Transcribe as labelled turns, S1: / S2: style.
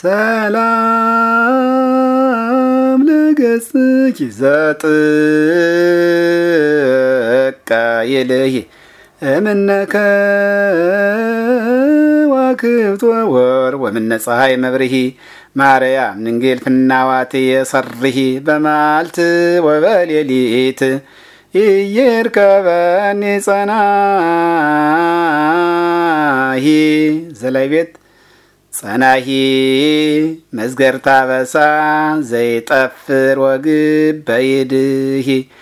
S1: ሰላም ለገጽኪ ዘጥቀ ይልይ
S2: እምነከ ዋክብቶ ወር ወምነ ፀሐይ መብርሂ ማርያም ንንጌል ፍናዋት የሰርሂ በማልት ወበሌሊት ኢይርከበኒ ጸናሂ ዘላይ ቤት ጸናሂ መዝገርታ በሳ ዘይጠፍር
S3: ወግብ በይድሂ